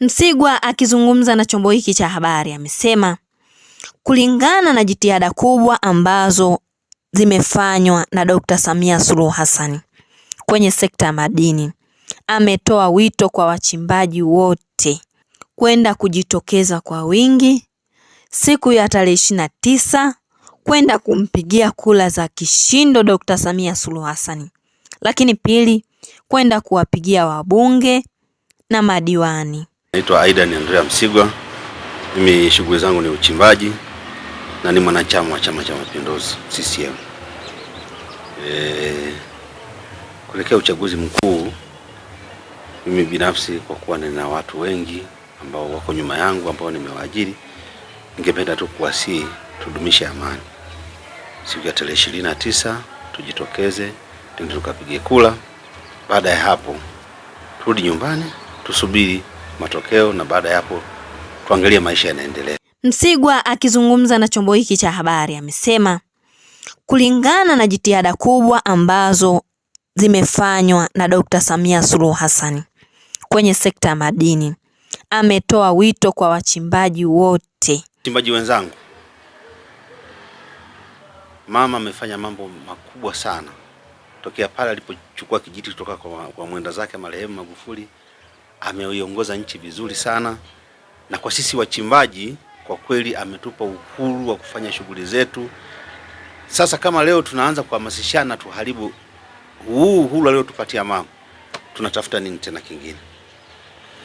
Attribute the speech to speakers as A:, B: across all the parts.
A: Msigwa akizungumza na chombo hiki cha habari amesema kulingana na jitihada kubwa ambazo zimefanywa na Dr. Samia Suluhu Hassan kwenye sekta ya madini, ametoa wito kwa wachimbaji wote kwenda kujitokeza kwa wingi siku ya tarehe ishirini na tisa kwenda kumpigia kula za kishindo Dr. Samia Suluhu Hassan, lakini pili, kwenda kuwapigia wabunge na madiwani.
B: Naitwa Aidan Andrea Msigwa. Mimi shughuli zangu ni uchimbaji na ni mwanachama wa Chama cha Mapinduzi CCM. E, kuelekea uchaguzi mkuu, mimi binafsi kwa kuwa nina watu wengi ambao wako nyuma yangu ambao nimewaajiri, ningependa tu kuwasihi tudumishe amani. Siku ya tarehe ishirini na tisa tujitokeze tukapiga kula Baada ya hapo, turudi nyumbani tusubiri matokeo na baada ya hapo tuangalie maisha yanaendelea.
A: Msigwa akizungumza na chombo hiki cha habari amesema kulingana na jitihada kubwa ambazo zimefanywa na Dr. Samia Suluhu Hassan kwenye sekta ya madini, ametoa wito kwa wachimbaji wote.
B: Wachimbaji wenzangu, mama amefanya mambo makubwa sana tokea pale alipochukua kijiti kutoka kwa, kwa mwenda zake marehemu Magufuli ameiongoza nchi vizuri sana, na kwa sisi wachimbaji kwa kweli ametupa uhuru wa kufanya shughuli zetu. Sasa kama leo tunaanza kuhamasishana tuharibu huu uhuru aliotupatia mama, tunatafuta nini tena kingine?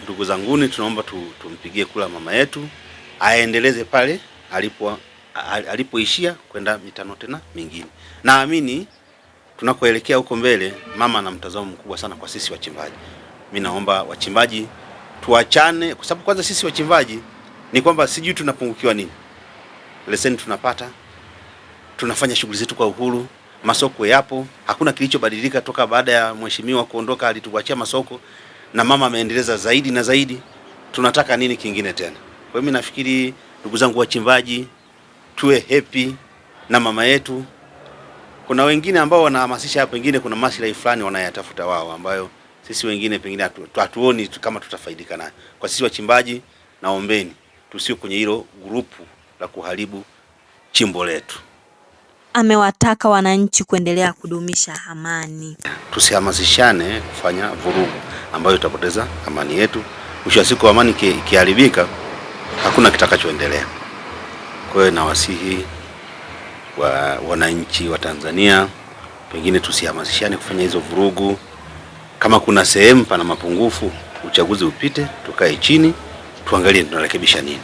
B: Ndugu zanguni, tunaomba tu, tumpigie kula mama yetu aendeleze pale alipo alipoishia kwenda mitano tena mingine. Naamini tunakoelekea huko mbele, mama ana mtazamo mkubwa sana kwa sisi wachimbaji mi naomba wachimbaji tuachane, kwa sababu kwanza sisi wachimbaji ni kwamba sijui tunapungukiwa nini. Leseni tunapata, tunafanya shughuli zetu kwa uhuru, masoko yapo, hakuna kilichobadilika toka baada ya mheshimiwa kuondoka. Alituachia masoko na mama ameendeleza zaidi na zaidi. Tunataka nini kingine tena? Kwa hiyo nafikiri, ndugu zangu wachimbaji, tuwe happy na mama yetu. Kuna wengine ambao wanahamasisha, pengine kuna maslahi fulani wanayatafuta wao ambayo sisi wengine pengine hatuoni kama tutafaidika nayo. Kwa sisi wachimbaji, naombeni tusio kwenye hilo grupu la kuharibu chimbo letu.
A: Amewataka wananchi kuendelea kudumisha amani,
B: tusihamasishane kufanya vurugu ambayo itapoteza amani yetu. Mwisho wa siku, amani ikiharibika, hakuna kitakachoendelea. Kwa hiyo nawasihi wa wananchi wa Tanzania, pengine tusihamasishane kufanya hizo vurugu kama kuna sehemu pana mapungufu, uchaguzi upite, tukae chini tuangalie tunarekebisha nini.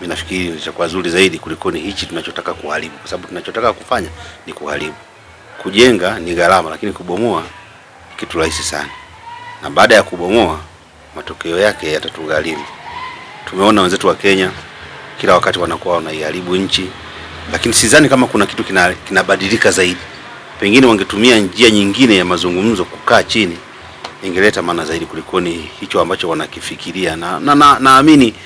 B: Mimi nafikiri litakuwa zuri zaidi kuliko ni hichi tunachotaka kuharibu, kwa sababu tunachotaka kufanya ni kuharibu. Kujenga ni gharama, lakini kubomoa kitu rahisi sana, na baada ya kubomoa matokeo yake yatatugharimu. Tumeona wenzetu wa Kenya kila wakati wanakuwa wanaiharibu nchi, lakini sidhani kama kuna kitu kinabadilika kina zaidi. Pengine wangetumia njia nyingine ya mazungumzo, kukaa chini ingeleta maana zaidi kulikoni hicho ambacho wanakifikiria, na naamini na, na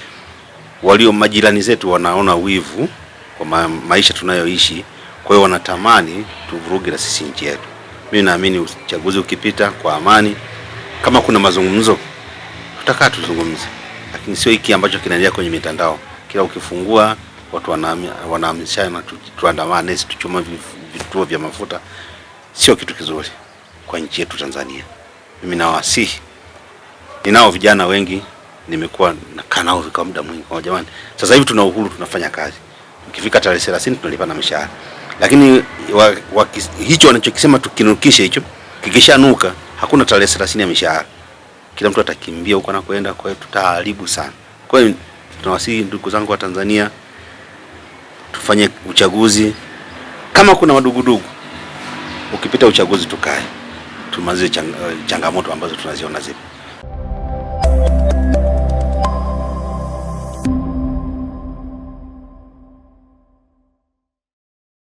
B: walio majirani zetu wanaona wivu kwa ma, maisha tunayoishi. Kwa hiyo wanatamani tuvuruge na sisi nchi yetu. Mimi naamini uchaguzi ukipita kwa amani, kama kuna mazungumzo tutakaa tuzungumze, lakini sio hiki ambacho kinaendelea kwenye mitandao. Kila ukifungua watu wanahamishana tu, tuandamane, tuchoma vituo vya mafuta. Sio kitu kizuri kwa nchi yetu Tanzania mimi nawasihi, ninao vijana wengi nimekuwa nakaa nao kwa muda mwingi, kwa oh, jamani, sasa hivi tuna uhuru, tunafanya kazi, ukifika tarehe 30 tunalipa na mishahara, lakini wa, wa, hicho wanachokisema tukinukishe hicho, kikishanuka hakuna tarehe 30 ya mishahara, kila mtu atakimbia huko anakoenda. Kwa hiyo tutaharibu sana. Kwa hiyo tunawasihi ndugu zangu wa Tanzania, tufanye uchaguzi. Kama kuna madugudugu, ukipita uchaguzi tukae tumalize changamoto ambazo tunaziona zipo.